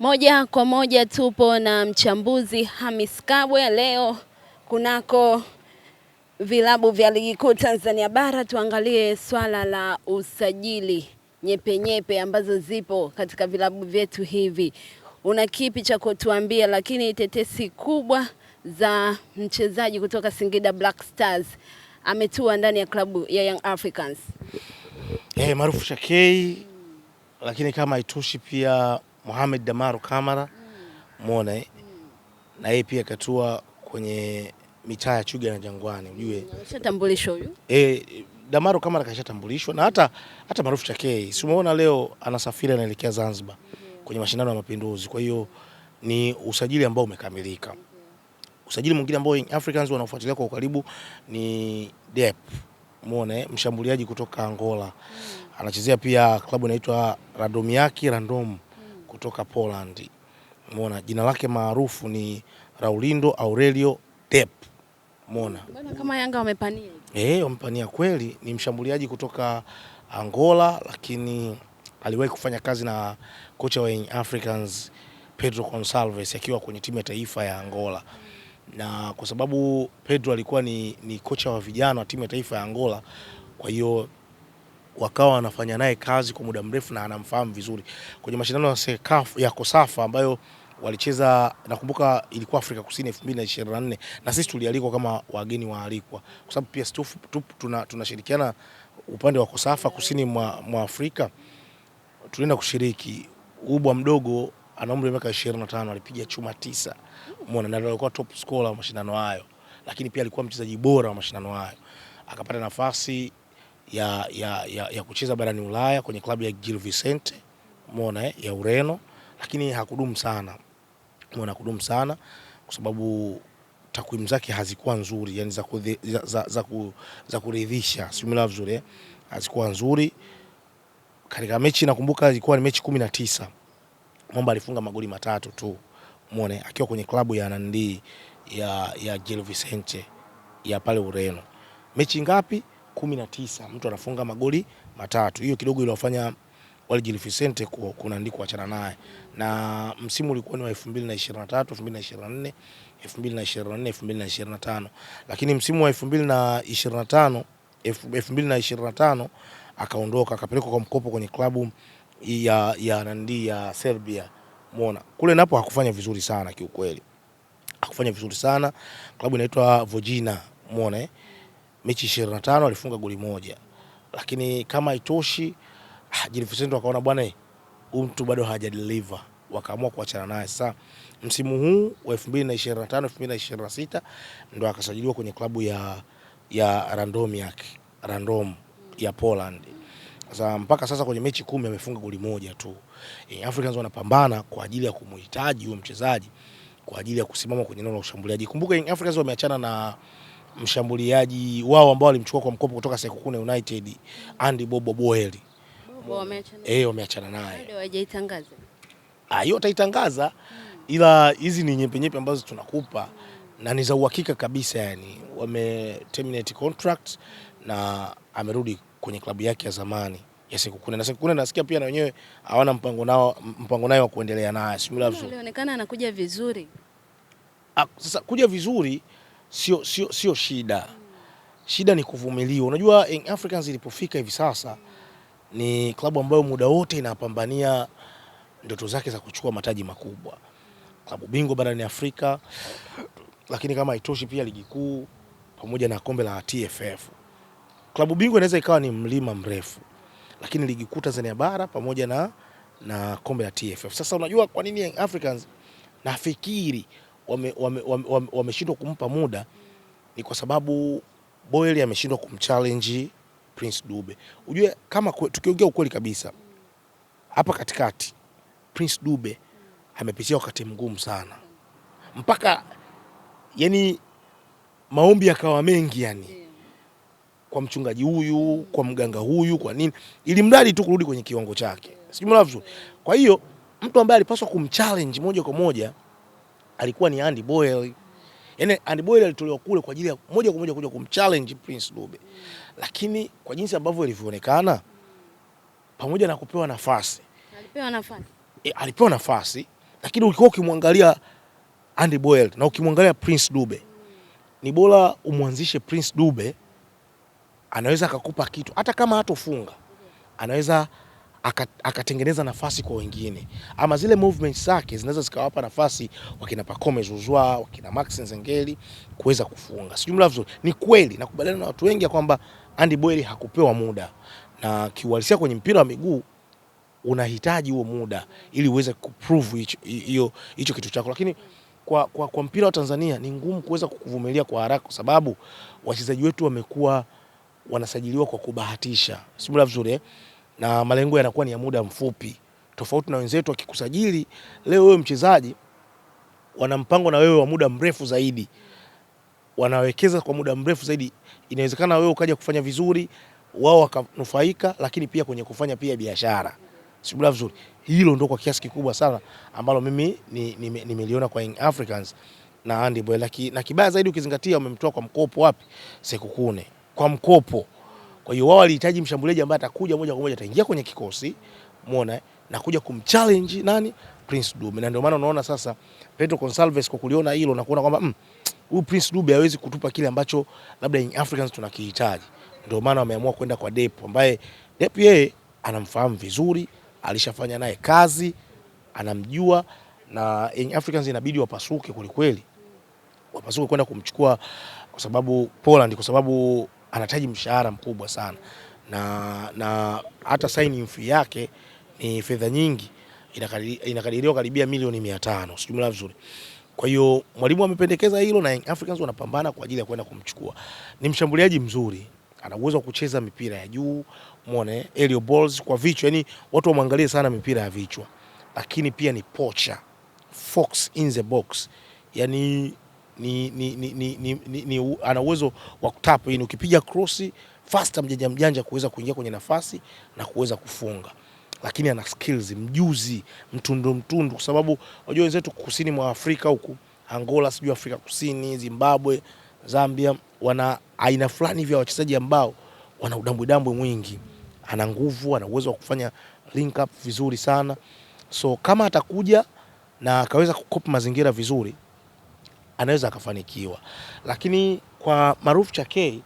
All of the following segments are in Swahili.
Moja kwa moja tupo na mchambuzi Hamis Kabwe leo kunako vilabu vya ligi kuu Tanzania bara, tuangalie swala la usajili nyepenyepe ambazo zipo katika vilabu vyetu hivi. Una kipi cha kutuambia? Lakini tetesi kubwa za mchezaji kutoka Singida Black Stars ametua ndani ya klabu ya Young Africans, hey, eh, maarufu Shakei. Lakini kama haitoshi pia Mohamed Damaru Kamara muone na yeye pia katua kwenye mitaa ya Chuga na Jangwani, ujue ameshatambulishwa huyu e, Damaru Kamara kashatambulishwa na hata hata maarufu Chakei, si umeona leo anasafiri anaelekea Zanzibar kwenye mashindano ya Mapinduzi. Kwa hiyo ni usajili ambao umekamilika. Usajili mwingine ambao Young Africans wanafuatilia kwa ukaribu ni Dep, muone mshambuliaji kutoka Angola, anachezea pia klabu inaitwa Radomiaki Random kutoka Poland. Umeona jina lake maarufu ni Raulindo Aurelio Dep. Umeona kama Yanga wamepania eh, wamepania kweli. Ni mshambuliaji kutoka Angola, lakini aliwahi kufanya kazi na kocha wa Africans Pedro Gonçalves akiwa kwenye timu ya taifa ya Angola na kwa sababu Pedro alikuwa ni, ni kocha wa vijana wa timu ya taifa ya Angola, kwa hiyo wakawa wanafanya naye kazi kwa muda mrefu na anamfahamu vizuri. Kwenye mashindano ya Sekafu ya Kosafa ambayo walicheza nakumbuka ilikuwa Afrika Kusini 2024 na sisi tulialikwa kama wageni waalikwa, kwa sababu pia tunashirikiana tuna upande wa Kosafa kusini mwa, mwa Afrika tulienda kushiriki. Ubwa mdogo ana umri wa miaka 25 alipiga chuma tisa, umeona, na alikuwa top scorer wa mashindano hayo, lakini pia alikuwa mchezaji bora wa mashindano hayo, akapata nafasi ya, ya, ya, ya kucheza barani Ulaya kwenye klabu ya Gil Vicente umeona eh, ya Ureno, lakini hakudumu sana umeona, hakudumu sana kwa sababu takwimu zake hazikuwa nzuri yani za, kuthi, za, za, za, ku, za kuridhisha si simila vizuri eh, hazikuwa nzuri katika mechi. Nakumbuka ilikuwa ni mechi kumi na tisa Mwamba alifunga magoli matatu tu umeona, eh? akiwa kwenye klabu ya Nandi ya, ya Gil Vicente ya pale Ureno. Mechi ngapi? kumi na tisa mtu anafunga magoli matatu. Hiyo kidogo iliwafanya wale Jilificente kunaandikwa kuachana naye, na msimu ulikuwa ni wa 2023 2024 2024 2025, lakini msimu wa 2025 2025 akaondoka akapelekwa kwa mkopo kwenye klabu ya, ya nandi ya Serbia muona kule, napo hakufanya vizuri sana kiukweli, hakufanya vizuri sana klabu inaitwa Vojina muona eh? mechi 25 alifunga goli moja, lakini kama haitoshi ah, Jilivisento akaona bwana, huyu mtu bado hajadeliver, wakaamua kuachana naye. Sasa msimu huu wa 2025 2026 ndo akasajiliwa kwenye klabu ya, ya random yake Random ya Poland. Sasa mpaka sasa kwenye mechi kumi amefunga goli moja tu. E, Africans wanapambana kwa ajili ya kumhitaji huyo mchezaji kwa ajili ya kusimama kwenye eneo la ushambuliaji. Kumbuka Africans wameachana na mshambuliaji wao ambao walimchukua kwa mkopo kutoka Sekukune United Andy Bobo Boeli. Bobo wameachana. Eh, wameachana naye. hawajaitangaza. Ah, hiyo ataitangaza hmm. Ila hizi ni nyepe nyepe ambazo tunakupa hmm. na ni za uhakika kabisa yani wame terminate contract na amerudi kwenye klabu yake ya zamani ya Sekukune na Sekukune nasikia pia na wenyewe hawana mpango nao mpango nayo wa kuendelea naye. Inaonekana anakuja vizuri. Ah, sasa kuja vizuri sio, sio, sio shida. Shida ni kuvumiliwa. Unajua Young Africans ilipofika hivi sasa ni klabu ambayo muda wote inapambania ndoto zake za kuchukua mataji makubwa, klabu bingwa barani Afrika, lakini kama haitoshi pia ligi kuu pamoja na kombe la TFF. Klabu bingwa inaweza ikawa ni mlima mrefu, lakini ligi kuu Tanzania bara pamoja na, na kombe la TFF. Sasa unajua kwa nini Young Africans nafikiri wameshindwa wame, wame, wame kumpa muda ni kwa sababu Boyeli ameshindwa kumchallenge Prince Dube. Ujue kama tukiongea ukweli kabisa, hapa katikati Prince Dube amepitia wakati mgumu sana, mpaka yani maombi yakawa mengi yani kwa mchungaji huyu, kwa mganga huyu, kwa nini, ili mradi tu kurudi kwenye kiwango chake, sijui mnavyo. Kwa hiyo mtu ambaye alipaswa kumchallenge moja kwa moja alikuwa ni Andy Boyle. Yaani Andy Boyle alitolewa kule kwa ajili ya moja kwa moja kuja kumchallenge Prince Dube. Lakini kwa jinsi ambavyo ilivyoonekana pamoja na kupewa nafasi. Alipewa nafasi. E, alipewa nafasi lakini ulikuwa ukimwangalia Andy Boyle na ukimwangalia Prince Dube. Ni bora umwanzishe Prince Dube anaweza akakupa kitu hata kama hatofunga. Anaweza akatengeneza nafasi kwa wengine, ama zile movements zake zinaweza zikawapa nafasi wakina Pacome Zouzoua, wakina Max Nzengeli kuweza kufunga. Sijumla vizuri, ni kweli nakubaliana na watu wengi kwamba Andy Boyle hakupewa muda, na kiuhalisia kwenye mpira wa miguu unahitaji huo muda ili uweze kuprove hicho kitu chako, lakini kwa, kwa, kwa mpira wa Tanzania ni ngumu kuweza kukuvumilia kwa haraka, kwa sababu wachezaji wetu wamekuwa wanasajiliwa kwa kubahatisha. Sijumla vizuri eh? na malengo yanakuwa ni ya muda mfupi, tofauti na wenzetu wakikusajili leo wewe mchezaji, wana mpango na wewe wa muda mrefu zaidi, wanawekeza kwa muda mrefu zaidi. Inawezekana wewe ukaja kufanya vizuri, wao wakanufaika, lakini pia kwenye kufanya pia biashara sibula vizuri. Hilo ndo kwa kiasi kikubwa sana ambalo mimi nimeliona ni, ni kwa Young Africans na Andy Boy, na kibaya zaidi ukizingatia umemtoa kwa mkopo wapi, Sekukune kwa mkopo. Kwa hiyo wao walihitaji mshambuliaji ambaye atakuja moja kwa moja ataingia kwenye kikosi, umeona, na kuja kumchallenge nani Prince Dube, na ndio maana unaona sasa Pedro Gonsalves kwa kuliona hilo na kuona kwamba mm, huyu Prince Dube hawezi kutupa kile ambacho labda in Africans tunakihitaji, ndio maana wameamua kwenda kwa Depp ambaye Depp yeye anamfahamu vizuri, alishafanya naye kazi, anamjua na in Africans inabidi wapasuke kwelikweli, wapasuke kwenda kumchukua kwa sababu Poland, kwa sababu anahitaji mshahara mkubwa sana, na na hata signing fee yake ni fedha nyingi, inakadiriwa karibia milioni mia tano sijumla vizuri. Kwa hiyo mwalimu amependekeza hilo na Young Africans wanapambana kwa ajili ya kwenda kumchukua. Ni mshambuliaji mzuri, ana uwezo wa kucheza mipira ya juu, muone eh? aerial balls kwa vichwa, yani watu wamwangalie sana mipira ya vichwa, lakini pia ni pocha, fox in the box, yani ni, ni, ni, ni, ni, ni, ana uwezo wa kutap, yani ukipiga cross faster mjanja mjanja kuweza kuingia kwenye nafasi na kuweza kufunga, lakini ana skills, mjuzi, mtundu mtundu, kwa sababu unajua wenzetu kusini mwa Afrika huku Angola, sijui Afrika Kusini, Zimbabwe, Zambia wana aina fulani vya wachezaji ambao wana udambwedambwe mwingi. Ana nguvu, ana uwezo wa kufanya link up vizuri sana, so kama atakuja na akaweza kukopa mazingira vizuri anaweza akafanikiwa, lakini kwa Maruf Chakei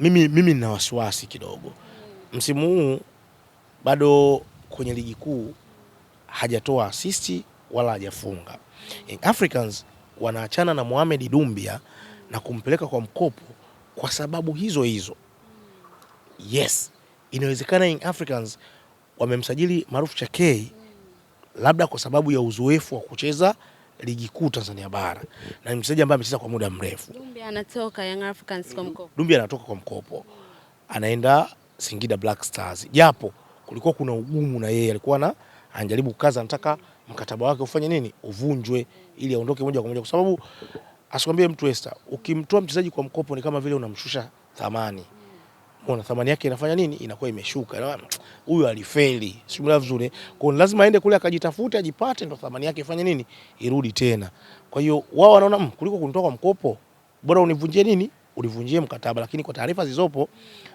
mimi, mimi nina wasiwasi kidogo msimu huu bado kwenye ligi kuu hajatoa asisti wala hajafunga. Young eh, Africans wanaachana na Mohamed Dumbia na kumpeleka kwa mkopo kwa sababu hizo hizo. Yes, inawezekana Young Africans wamemsajili Maruf Chakei labda kwa sababu ya uzoefu wa kucheza ligi kuu Tanzania bara na ni mchezaji ambaye amecheza kwa muda mrefu. Dumbi anatoka Young Africans kwa mkopo. Dumbi anatoka kwa mkopo anaenda Singida Black Stars, japo kulikuwa kuna ugumu na yeye, alikuwa na anajaribu kukaza, anataka mkataba wake ufanye nini, uvunjwe ili aondoke moja kwa moja, kwa sababu asikwambie mtu Esther, ukimtoa mchezaji kwa mkopo ni kama vile unamshusha thamani. Unaona thamani yake inafanya nini? Inakuwa imeshuka. Huyu alifeli. Sio vizuri. Kwa hiyo lazima aende kule akajitafute, ajipate ndo thamani yake ifanye nini? Irudi tena. Kwa hiyo wao wanaona hmm, kuliko kunitoa kwa mkopo, bora univunjie nini? Ulivunjie mkataba. Lakini kwa taarifa zilizopo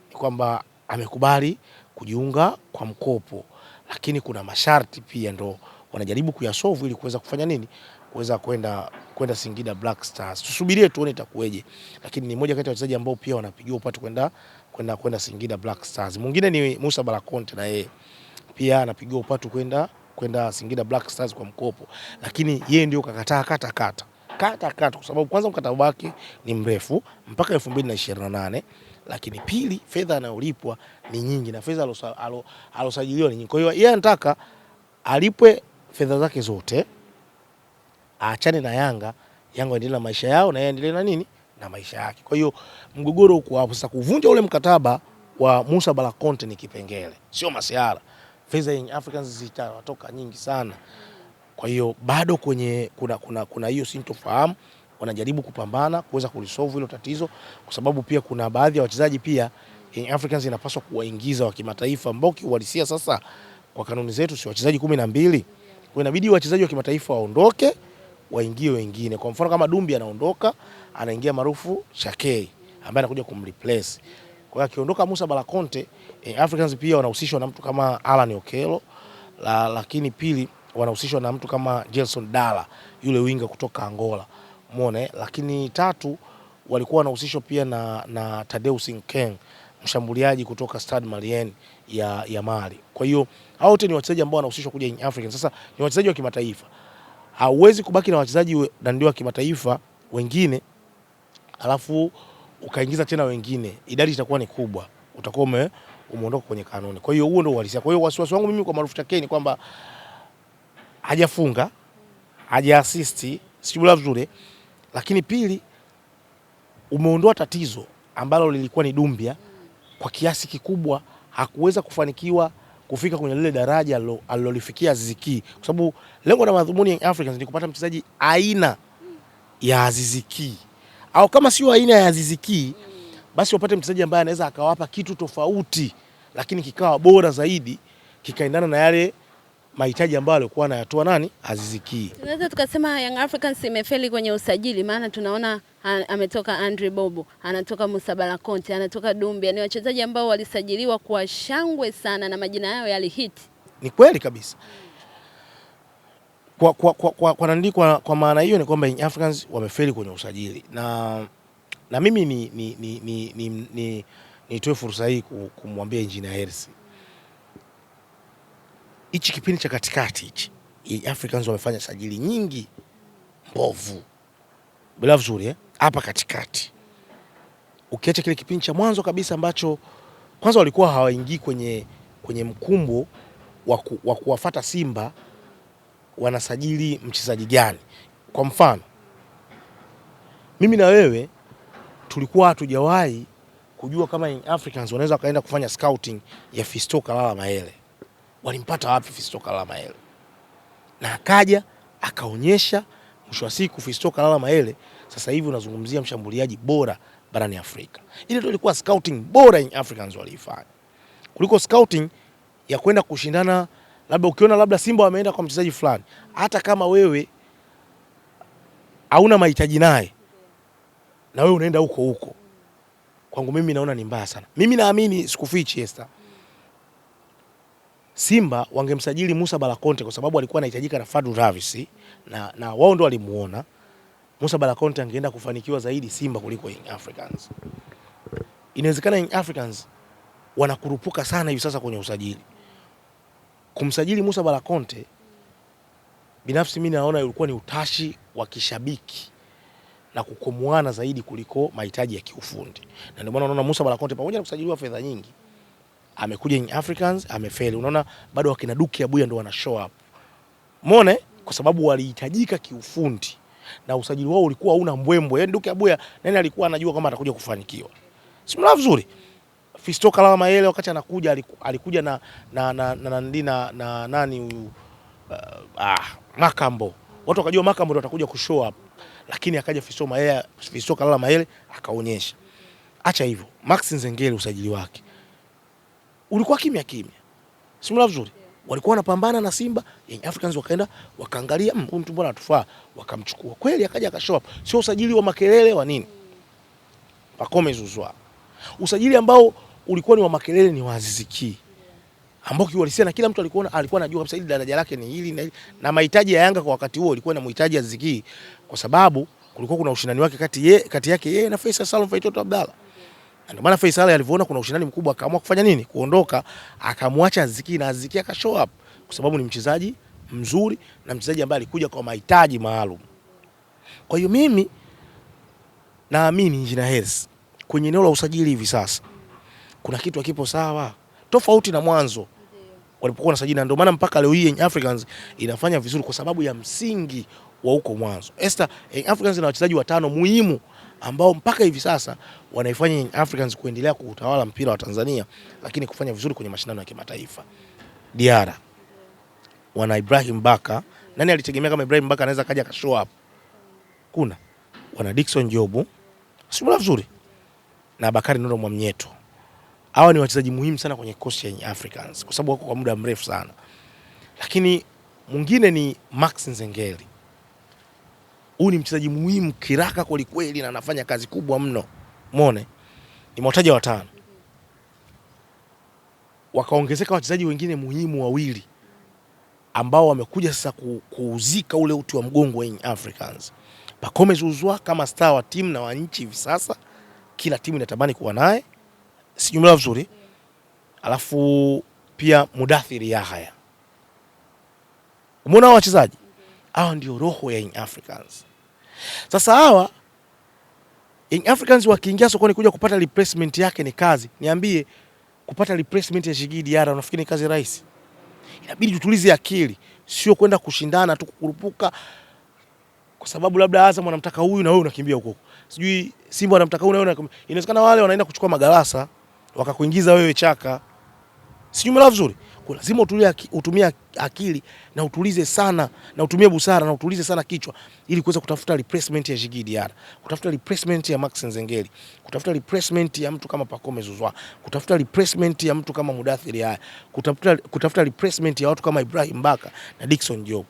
ni kwamba amekubali kujiunga kwa mkopo, lakini kuna masharti pia ndo wanajaribu kuyasovu ili kuweza kufanya nini, kuweza kwenda kwenda Singida Black Stars. Tusubirie tuone itakueje, lakini ni moja kati ya wachezaji ambao pia wanapigiwa upatu kwenda kwenda kwenda Singida Black Stars. Mwingine ni Musa Balakonte, na yeye pia anapigiwa upatu kwenda kwenda Singida Black Stars kwa mkopo, lakini yeye ndio kakataa kata kata kata kata, kwa sababu kwanza mkataba wake ni mrefu mpaka 2028 lakini pili, fedha anayolipwa ni nyingi na fedha alosajiliwa ni nyingi. Kwa hiyo yeye anataka alipwe fedha zake zote aachane na Yanga, Yanga endelee na maisha yao na yeye endelee na nini na maisha yake. Kwa hiyo mgogoro uko hapo sasa. Kuvunja ule mkataba wa Musa Balakonte ni kipengele, sio masiara. Fedha yenye Africans zitatoka nyingi sana. Kwa hiyo bado kwenye kuna kuna kuna hiyo sintofahamu, wanajaribu kupambana kuweza kulisolve hilo tatizo, kwa sababu pia kuna baadhi ya wachezaji pia Young Africans inapaswa kuwaingiza wa kimataifa ambao kiuhalisia sasa kwa kanuni zetu si wachezaji kumi na mbili kwa inabidi wachezaji wa kimataifa waondoke, waingie wengine. Kwa mfano kama Dumbi anaondoka, anaingia maarufu Shakei ambaye anakuja kumreplace. Kwa hiyo akiondoka Musa Balakonte, eh, Africans pia wanahusishwa na mtu kama Alan Okelo la, lakini pili wanahusishwa na mtu kama Jelson Dala yule winga kutoka Angola. Umeona? Eh? Lakini tatu walikuwa wanahusishwa pia na, na Tadeu Sinkeng mshambuliaji kutoka Stade Malien ya, ya Mali. Kwa hiyo hao wote ni wachezaji ambao wanahusishwa kuja in African. Sasa ni wachezaji wa kimataifa, hauwezi kubaki na wachezaji na ndio wa kimataifa wengine alafu ukaingiza tena wengine, idadi itakuwa ni kubwa, utakuwa umeondoka kwenye kanuni. Kwa hiyo huo ndio uhalisia. Kwa hiyo wasiwasi wangu mimi kwa maarufu Chake ni kwamba hajafunga, hajaasisti, sijula vizuri, lakini pili umeondoa tatizo ambalo lilikuwa ni Dumbia kwa kiasi kikubwa hakuweza kufanikiwa kufika kwenye lile daraja alilolifikia Aziz Ki, kwa sababu lengo la madhumuni ya Africans ni kupata mchezaji aina ya Aziz Ki, au kama sio aina ya Aziz Ki basi wapate mchezaji ambaye anaweza akawapa kitu tofauti, lakini kikawa bora zaidi, kikaendana na yale mahitaji ambayo alikuwa anayatoa nani azizikii. Tunaweza tukasema Young Africans imefeli kwenye usajili, maana tunaona ametoka Andre Bobo, anatoka Musa Balakonte, anatoka Dumbia, ni wachezaji ambao walisajiliwa kwa shangwe sana na majina yao yalihiti. Ni kweli kabisa kwa, kwa, kwa, kwa, kwa, kwa, kwa maana hiyo ni kwamba Young Africans wamefeli kwenye usajili na, na mimi nitoe ni, ni, ni, ni, ni, ni fursa hii kumwambia Engineer Hersi hichi kipindi cha katikati hichi Africans wamefanya sajili nyingi mbovu bila vizuri eh? hapa Katikati ukiacha kile kipindi cha mwanzo kabisa ambacho kwanza walikuwa hawaingii kwenye, kwenye mkumbo wa kuwafata Simba wanasajili mchezaji gani. Kwa mfano mimi na wewe tulikuwa hatujawahi kujua kama Africans wanaweza wakaenda kufanya scouting ya Fiston Kalala Mayele walimpata wapi Fisto Kalala Mayele, na akaja akaonyesha mwisho wa siku Fisto Kalala Mayele sasa hivi unazungumzia mshambuliaji bora barani Afrika. Ile ndio ilikuwa scouting bora in Africans waliifanya, kuliko scouting ya kwenda kushindana, labda ukiona labda Simba wameenda kwa mchezaji fulani, hata kama wewe hauna mahitaji naye na wewe unaenda huko huko, kwangu mimi naona ni mbaya sana. Mimi naamini, sikufichi Esther. Simba wangemsajili Musa Balakonte kwa sababu alikuwa anahitajika na Fadu Davis na, na wao ndo walimuona Musa Balakonte angeenda kufanikiwa zaidi Simba kuliko Young Africans. Inawezekana Young Africans wanakurupuka sana hivi sasa kwenye usajili. Kumsajili Musa Balakonte binafsi mimi naona ilikuwa ni utashi wa kishabiki na kukomoana zaidi kuliko mahitaji ya kiufundi, na ndio maana unaona Musa Balakonte pamoja na kusajiliwa fedha nyingi amekuja in Africans amefeli. Unaona bado wakina Duki Abuya ndo wana show up mone, eh? kwa sababu walihitajika kiufundi na usajili wao ulikuwa una mbwembwe. Yani Duki Abuya nani alikuwa anajua kama atakuja kufanikiwa, simla vizuri Fisto Kalala Mayele wakati anakuja alikuja na na na, na, na, na na, na nani huyu uh, ah, Makambo watu wakajua Makambo ndo atakuja kushow up, lakini akaja Fisto Mayele, Fisto Kalala Mayele akaonyesha. Acha hivyo Max Nzengeli usajili wake ulikuwa kimya kimya, simla vizuri yeah. Walikuwa wanapambana na Simba, Young Africans wakaenda wakaangalia, mm, huyu mtu mbona atufaa, wakamchukua kweli, akaja akashow up, sio usajili wa makelele wa nini, Pacome Zouzoua, usajili ambao ulikuwa ni wa makelele, ni wa Aziz Ki ambao kiuhalisia na kila mtu alikuwa alikuwa anajua kabisa ile daraja lake ni hili na na mahitaji ya Yanga kwa wakati huo ilikuwa inamhitaji Aziz Ki kwa sababu kulikuwa kuna ushindani wake kati, ye, kati yake yeye na Faisal Salum Faitoto Abdalla. Ndio maana Faisal alivyoona kuna ushindani mkubwa akaamua kufanya nini? Kuondoka, akamwacha Aziki na Aziki aka show up kwa sababu ni mchezaji mzuri na mchezaji ambaye alikuja kwa mahitaji maalum. Kwa hiyo mimi naamini Injinia Hersi kwenye eneo la usajili hivi sasa kuna kitu kipo sawa, tofauti na mwanzo walipokuwa na sajili, na ndio maana mpaka leo hii Young Africans inafanya vizuri kwa sababu ya msingi wa huko mwanzo. Esther, Young Africans ina wachezaji watano muhimu ambao mpaka hivi sasa wanaifanya Africans kuendelea kuutawala mpira wa Tanzania, lakini kufanya vizuri kwenye mashindano ya kimataifa. Diara wana Ibrahim Baka, nani alitegemea kama Ibrahim Baka anaweza kaja kashow up? Kuna wana Dickson Jobu simula vizuri na Bakari Nuno Mwamnyeto. Hawa ni wachezaji muhimu sana kwenye kosi ya Africans kwa sababu wako kwa muda mrefu sana, lakini mwingine ni Max Nzengeli huyu ni mchezaji muhimu kiraka kweli kweli, na anafanya kazi kubwa mno. Muone nimewataja watano, wakaongezeka wachezaji wengine muhimu wawili ambao wamekuja sasa kuuzika ule uti wa mgongo wa Young Africans. Pacome Zouzoua kama star wa timu na wa nchi hivi sasa, kila timu inatamani kuwa naye, jumla vizuri. Alafu pia Mudathiri Yahaya. Umeona wachezaji hawa, ndio roho ya Young Africans. Sasa hawa Young Africans wakiingia sokoni kuja kupata replacement yake ni kazi. Niambie kupata replacement ya Djigui Diarra unafikiri ni kazi rahisi? Inabidi tutulize akili, sio kwenda kushindana tu kukurupuka kwa sababu labda Azam anamtaka huyu na wewe unakimbia huko. Sijui Simba anamtaka huyu na wewe unakimbia. Inawezekana wale wanaenda kuchukua magalasa wakakuingiza wewe chaka. Sijui mla vizuri lazima utulie, utumie akili na utulize sana na utumie busara na utulize sana kichwa ili kuweza kutafuta replacement ya Djigui Diarra, kutafuta replacement ya Max Nzengeli, kutafuta replacement ya mtu kama Pacome Zouzoua, kutafuta replacement ya mtu kama Mudathir Yahya, kutafuta, kutafuta replacement ya watu kama Ibrahim Baka na Dickson Job,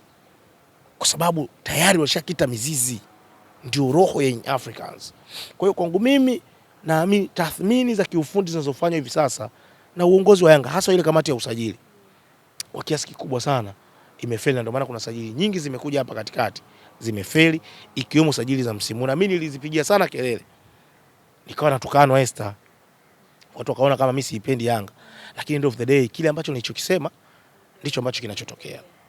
kwa sababu tayari walishakita mizizi. Ndio roho ya Africans. Kwa hiyo kwangu mimi naamini tathmini za kiufundi zinazofanywa hivi sasa na uongozi wa Yanga hasa ile kamati ya usajili kwa kiasi kikubwa sana imefeli, na ndio maana kuna sajili nyingi zimekuja hapa katikati zimefeli, ikiwemo sajili za msimu, na mimi nilizipigia sana kelele, nikawa natukanwa Esther, watu wakaona kama mimi siipendi Yanga, lakini end of the day kile ambacho nilichokisema ndicho ambacho kinachotokea.